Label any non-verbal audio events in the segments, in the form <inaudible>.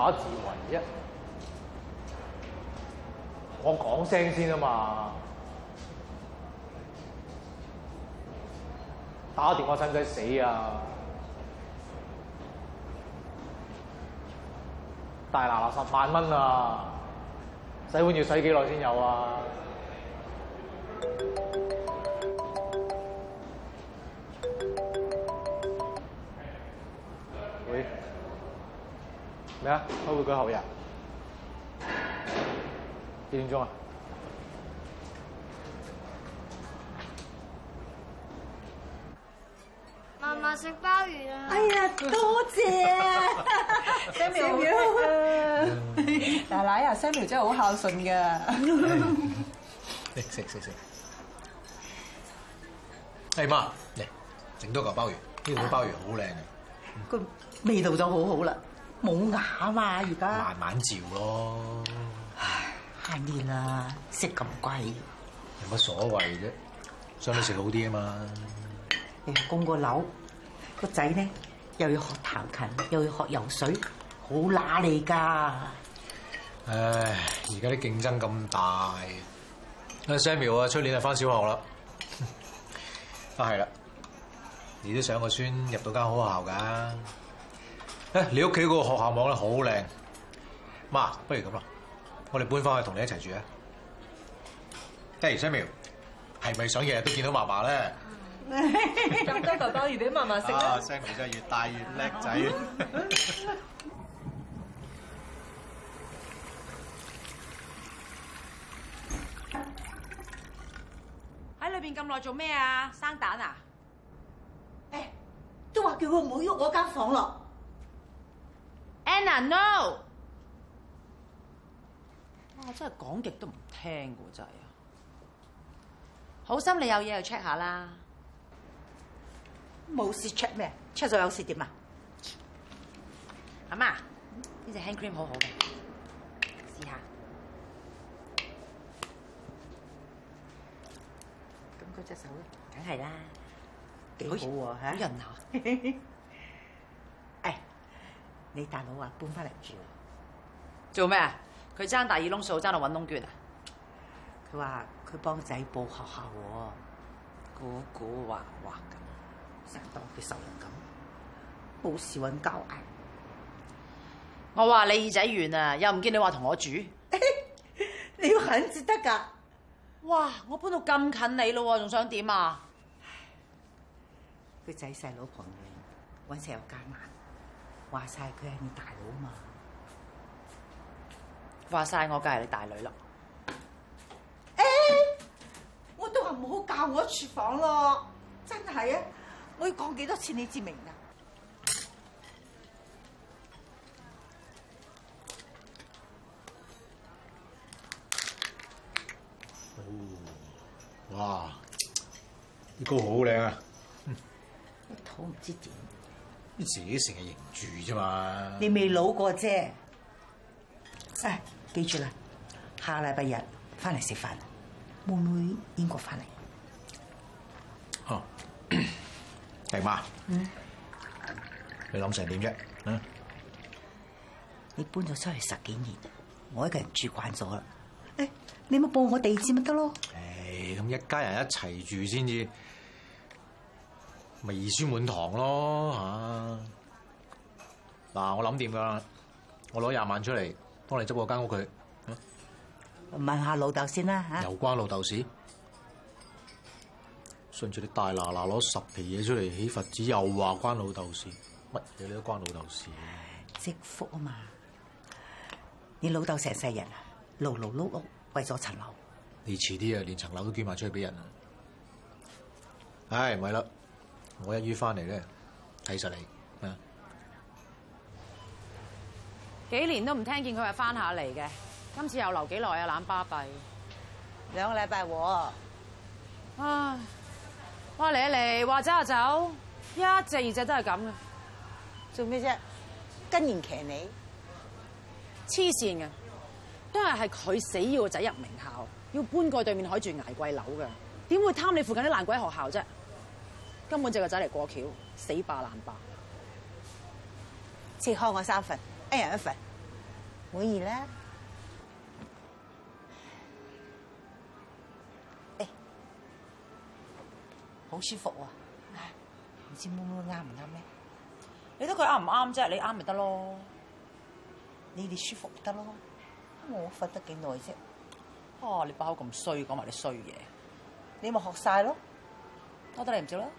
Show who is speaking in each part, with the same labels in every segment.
Speaker 1: 打字為一，我講聲先啊嘛！打電話使唔使死啊？大拿拿十萬蚊啊！洗碗要洗幾耐先有啊？咩啊？開會嘅後日幾點鐘啊？媽媽食鮑魚啊！哎呀，多謝 <laughs> Sammy 啊！Sammy 好
Speaker 2: 叻， <laughs> 奶奶啊，Sammy 真係好孝順㗎。食
Speaker 1: 食食食，哎，媽嚟，整、hey, 多嚿鮑魚。呢度啲鮑魚好靚嘅，個、嗯、
Speaker 2: 味道就好好啦。冇牙啊嘛，而家慢
Speaker 1: 慢照咯。唉，下年啊，食咁貴，有乜所謂啫？想你食好啲啊嘛。你供個樓，個仔咧又要學彈琴，又要學游水，好揦脷噶。唉，而家啲競爭咁大，阿 Samuel <laughs> 啊，出年就返小學啦。啊，係啦，你都想個孫入到間好學校㗎。誒，你屋企嗰個學校網咧好靚。媽，不如咁啦，我哋搬翻去同你一齊住啊！即係 Samuel，係咪想日日都見到嫲嫲咧？
Speaker 2: 咁 <laughs> 多狗狗，越俾嫲嫲食
Speaker 1: 啦！Samuel 真係越大越叻仔。
Speaker 2: 喺 <laughs> <laughs> 裏邊咁耐做咩啊？生蛋啊？誒、欸，都話叫佢唔好喐我間房咯。Anna，no！哇，真係講極都唔聽噶，真係啊！好心你有嘢就 check 下啦。冇事 check 咩？check 咗有事點啊？阿媽，呢隻 hand cream 好好嘅，試下。咁嗰隻手咧，梗係啦，幾好喎，吓，好潤啊！你弟弟大佬話搬翻嚟住做咩？佢爭大耳窿數爭到揾窿捐啊！佢話佢幫仔報學校喎，古古惑惑咁成日當佢仇人咁，冇事揾交嗌。我話你耳仔完啊，又唔見你話同我住， <laughs> 你要肯至得噶。哇！我搬到咁近你咯，仲想點啊？佢仔細佬旁人揾食又艱難。話晒佢係你大佬嘛？話晒我梗係你大女啦！欸、 <laughs> 我都話唔好教我廚房咯，真係啊！我要講幾多次你至明啊？
Speaker 1: 哦，哇，呢、這個好靚啊！
Speaker 2: 個 <laughs> 肚唔知點？
Speaker 1: 你自己成日認住啫嘛！你未
Speaker 2: 老過啫，唉，
Speaker 1: 記住啦，
Speaker 2: 下禮拜日翻嚟食飯，妹妹英國翻嚟。
Speaker 1: 好、哦，爹 <coughs> 媽
Speaker 2: 嗯，
Speaker 1: 嗯，你諗成點啫？嗯，你搬咗出去十幾年，我一個人住慣咗啦。
Speaker 2: 哎，你咪報我地址咪得咯。
Speaker 1: 唉、哎，咁一家人一齊住先至。咪兒孫滿堂咯嚇！嗱、啊，我諗掂㗎，我攞廿萬出嚟幫你執過間屋佢。啊、問下老豆先啦嚇、啊。 <music> 又關老豆事？順住你大拿拿攞十皮嘢出嚟起佛寺，又話關老豆事，乜嘢都關老豆事。
Speaker 2: 積福啊嘛！
Speaker 1: 你老豆成世人啊，勞勞碌碌為咗層樓。你遲啲啊，連層樓都捐埋出去俾人啊！唉、哎，唔係啦。我一於翻嚟咧，睇實你啊！嗯、
Speaker 2: 幾年都唔聽見佢話翻下嚟嘅，今次又留幾耐啊？懶巴閉兩個禮拜喎！啊！話你嚟話走就走，一隻二隻都係咁嘅，做咩啫？今年騎你黐線嘅，都係係佢死要個仔入名校，要搬過對面海住捱貴樓嘅，點會貪你附近啲爛鬼學校啫？根本借個仔嚟過橋，死霸爛霸，切開我三份，一人一份，滿意啦！哎、欸，好舒服喎、啊，唔知乜乜啱唔啱咧？你覺得佢啱唔啱啫？你啱咪得咯，你哋舒服咪得咯？我瞓得幾耐啫？哦，你把口咁衰，講埋你衰嘢，你咪學晒咯，多得你唔少啦～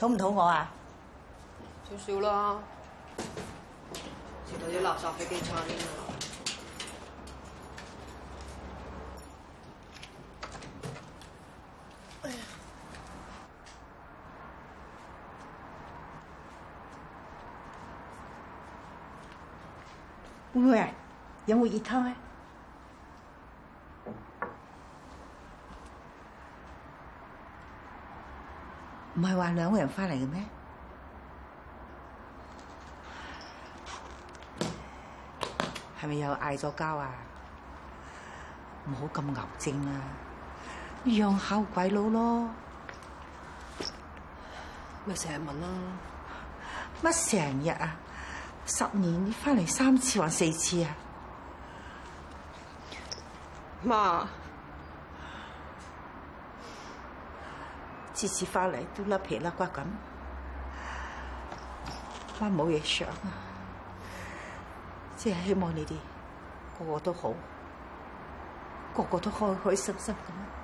Speaker 2: 肚唔肚餓啊？肚肚少少啦，食到啲垃圾飛機餐啊！哎呀，會唔會啊？有冇熱湯咧？唔係話兩個人翻嚟嘅咩？係咪又嗌咗交啊？唔好咁牛精啦，啊，讓下鬼佬咯。喂，成日問啦，乜成日啊？十年翻嚟三次還四次啊？媽。次次翻嚟都甩皮甩骨咁，我冇嘢想啊，即係希望你哋個個都好，個個都開開心心咁。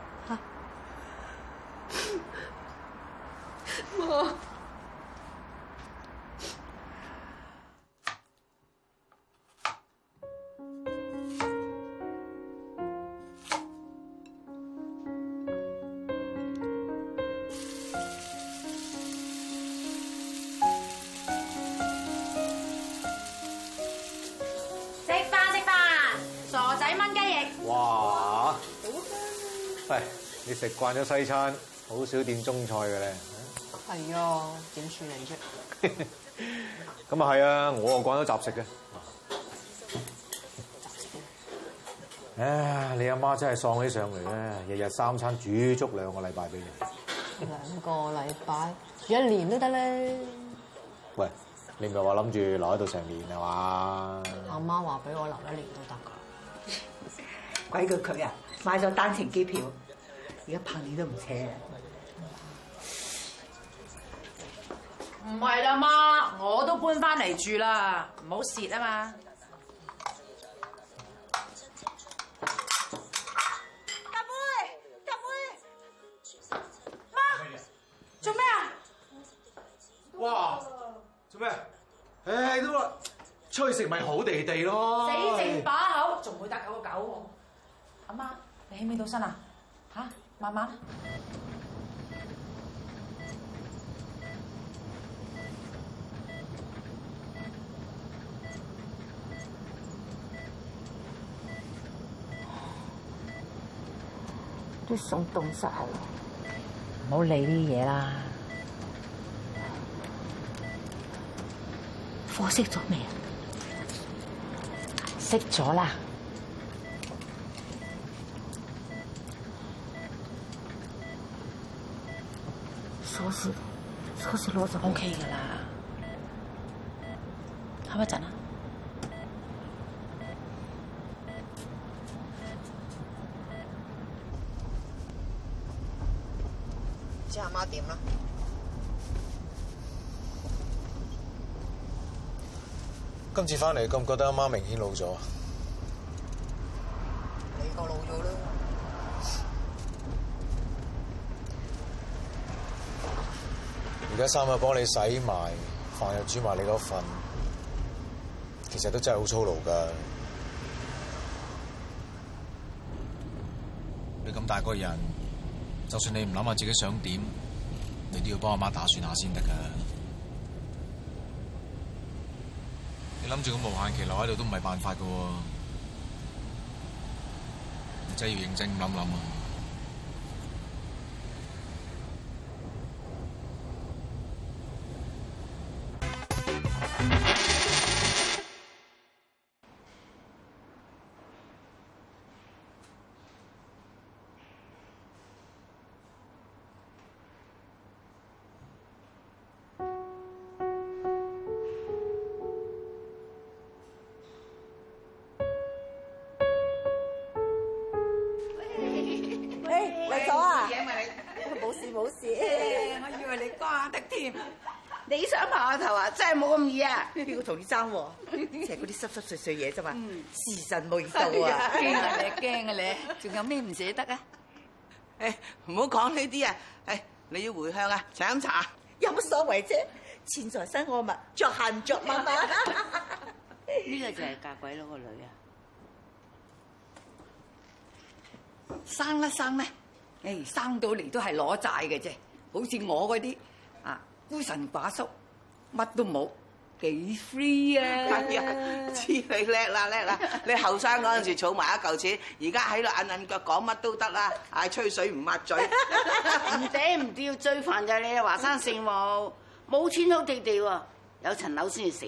Speaker 1: 你食慣咗西餐，好少點中菜嘅咧。係啊，點處理啫？咁啊，係啊，我啊慣咗雜食嘅。唉 <laughs> <laughs> 你阿媽，媽真係喪起上嚟咧，日日三餐煮足兩個禮拜俾你。兩
Speaker 2: 個禮拜， <laughs> 一年都得咧。
Speaker 1: 喂，你唔係話諗住留喺度成年係嘛？
Speaker 2: 阿媽話俾我留一年都得噶。鬼叫佢啊！買咗單程機票。而家拍你都唔扯。唔係啦媽，我都搬翻嚟住啦，唔好蝕啊嘛！阿妹，阿妹，
Speaker 1: 做咩啊？哇，做咩？誒，都話出去食咪好地地咯，死
Speaker 2: 剩把口，仲會得九個九喎！阿媽，你起未到身啊？媽媽，你凍晒啦！唔好理啲嘢啦。火熄咗未啊？熄咗啦。O K 噶啦，開乜展啊？唔知阿媽點啦？
Speaker 1: 今次翻嚟，覺唔覺得阿媽明顯老咗？你
Speaker 2: 個老咗啦！
Speaker 1: 而家衫又幫你洗埋，飯又煮埋你嗰份，其實都真係好操勞噶。你咁大個人，就算你唔諗下自己想點，你都要幫阿媽打算下先得噶。你諗住咁無限期留喺度都唔係辦法噶喎，你真係要認真諗諗啊！想我以為你瓜得添，
Speaker 2: 你想爬下頭啊？真係冇咁易啊！邊個同你爭喎？就係嗰啲濕濕碎碎嘢啫嘛，時辰無數啊！你驚啊咧？仲有咩唔捨得啊？誒，唔好講呢啲啊！誒，你要回鄉啊？請飲茶。有乜所謂啫？錢財身外物，咪着閒唔着嘛嘛。呢個就係嫁鬼佬個女啊！生啦生咧，誒，生到嚟都係攞債嘅啫。好似我嗰啲啊孤神寡叔，乜都冇，幾 free 啊！黐你叻啦叻啦！你後生嗰陣時儲埋一嚿錢，而家喺度揞揞腳講乜都得啦，係吹水唔抹嘴，唔嗲唔吊。最煩就係你華生姓胡，冇錢好地地喎，有層樓先至死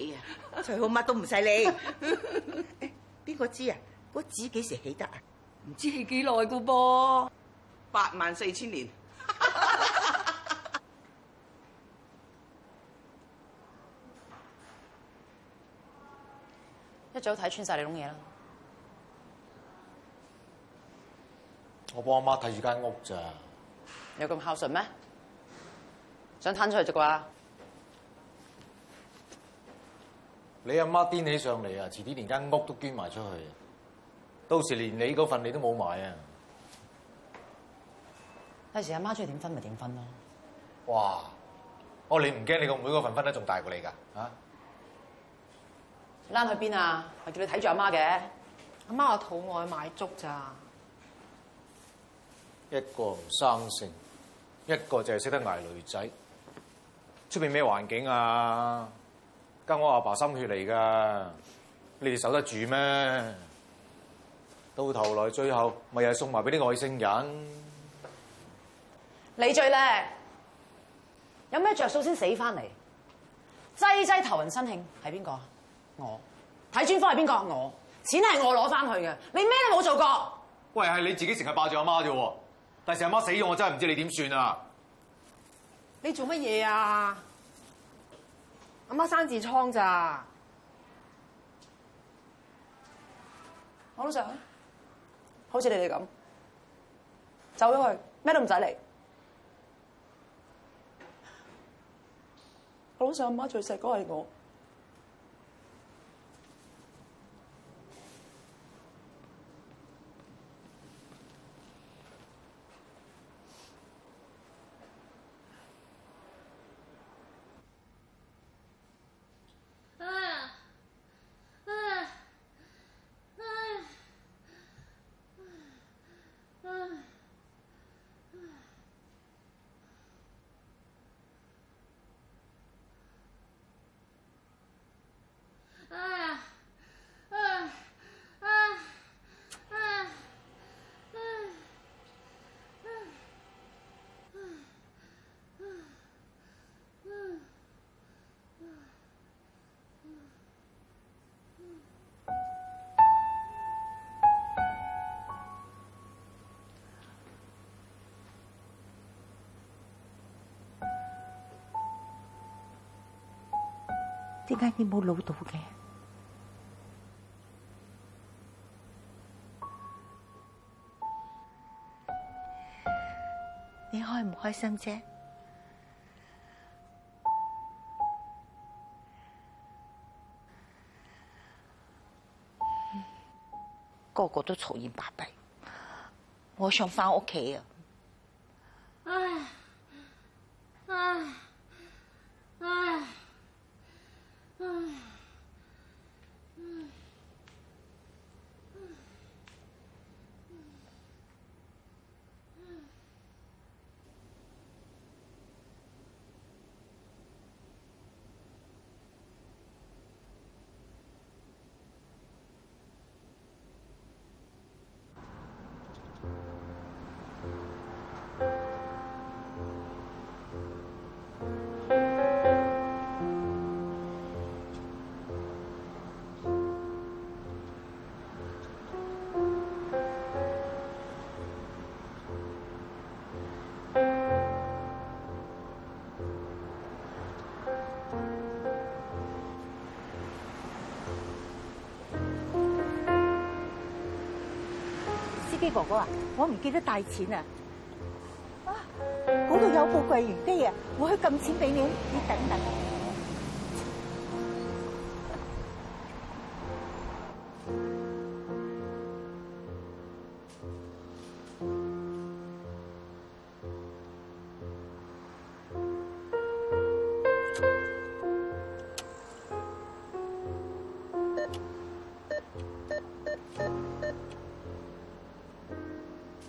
Speaker 2: 啊！最好乜都唔使你，邊個知啊？個紙幾時起得啊？唔知係幾耐個噃，八萬四千年。媽媽一早睇穿晒你種嘢啦！
Speaker 1: 我幫阿媽睇住間屋咋？
Speaker 2: 你有咁孝順咩？想攤出去啫啩？
Speaker 1: 你阿媽癲起上嚟啊，遲啲連間屋都捐埋出去，到時連你嗰份你都冇埋啊！
Speaker 2: 到時阿媽中意點分咪點分咯！
Speaker 1: 哇！哦，你唔驚你個妹嗰份分得仲大過你噶啊？
Speaker 2: 躝去邊啊？我叫你睇住阿媽嘅。阿媽我肚外賣粥咋？一
Speaker 1: 個唔生性，一個淨係識得捱女仔。出面咩環境啊？跟我阿爸，爸心血嚟㗎，你哋守得住咩？到頭來最後咪又係送埋俾啲外星人。
Speaker 2: 你最叻，有咩着數先死翻嚟？擠擠頭暈身㷫係邊個？哦、專我睇專科係邊個？錢我錢係我攞翻去嘅，你咩都冇做過。
Speaker 1: 喂，係你自己成日霸住阿媽啫。第時阿媽死咗，我真係唔知你點算啊！
Speaker 2: 你做乜嘢啊？阿媽生痔瘡咋？我老實，好似你哋咁走咗去，咩都唔使理。我老實阿媽最細個係我。點解你冇老到嘅？你開唔開心啫？ <noise> 個個都嘈喧巴閉，我想返屋企啊！機哥哥啊，我唔記得帶錢啊！啊，
Speaker 1: 嗰度，那個，有部
Speaker 2: 櫃員機啊，我去撳錢俾你，你等等。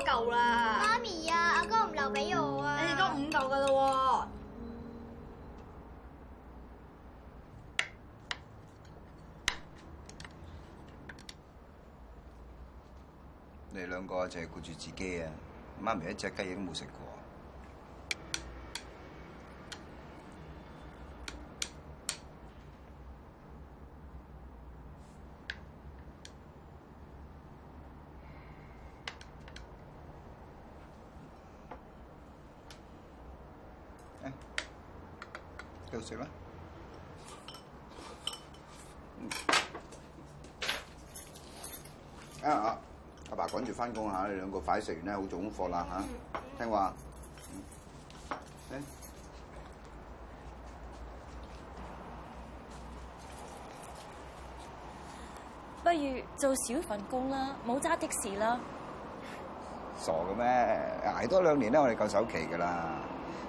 Speaker 1: 多嚿啦，媽咪啊，阿
Speaker 2: 哥唔留俾我啊，你哋多五嚿㗎啦
Speaker 1: 喎，你，嗯、你兩個就係顧住自己啊，媽咪一隻雞翼都冇食過。繼續食啦！啊，阿爸趕住翻工吓，你兩個快食完咧，好做功課啦吓，啊嗯，聽話。嗯啊，不如做少份工啦，冇揸的士啦。傻嘅咩？挨多兩年咧，我哋夠首期噶啦。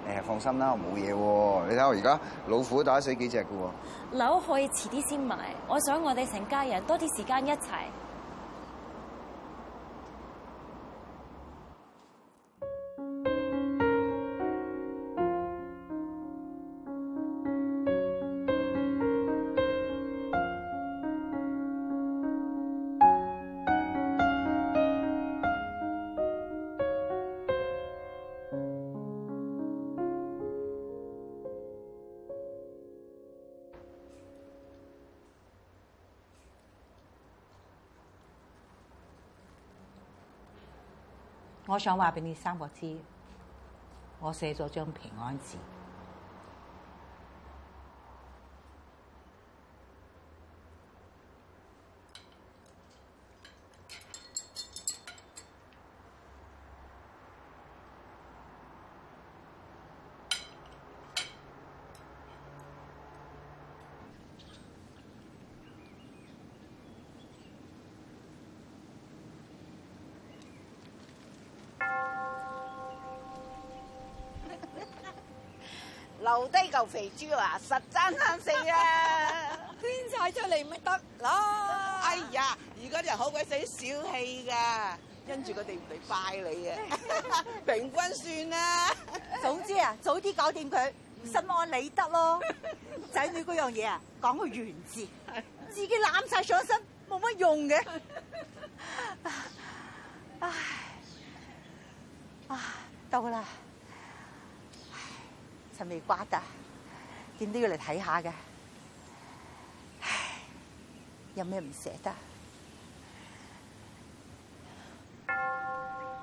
Speaker 1: 誒，放心啦，我冇嘢喎。你睇我而家老虎打死幾隻嘅喎？樓可以遲啲先買，我想我哋成家人多啲時間一齊。
Speaker 2: 我想話俾你三個知，我寫咗張平安紙。舊肥豬啊實爭生死啊，捐晒出嚟咪得咯！哎呀，而家啲人好鬼死小氣噶，因住佢哋唔嚟拜你啊！平均算啦，總之啊，早啲搞掂佢，心安理得咯。仔女嗰樣嘢啊，講個原字，自己攬晒上身冇乜用嘅。唉，啊到啦，陳美瓜的。點都要嚟睇下嘅，唉，有咩唔捨得？ <noise>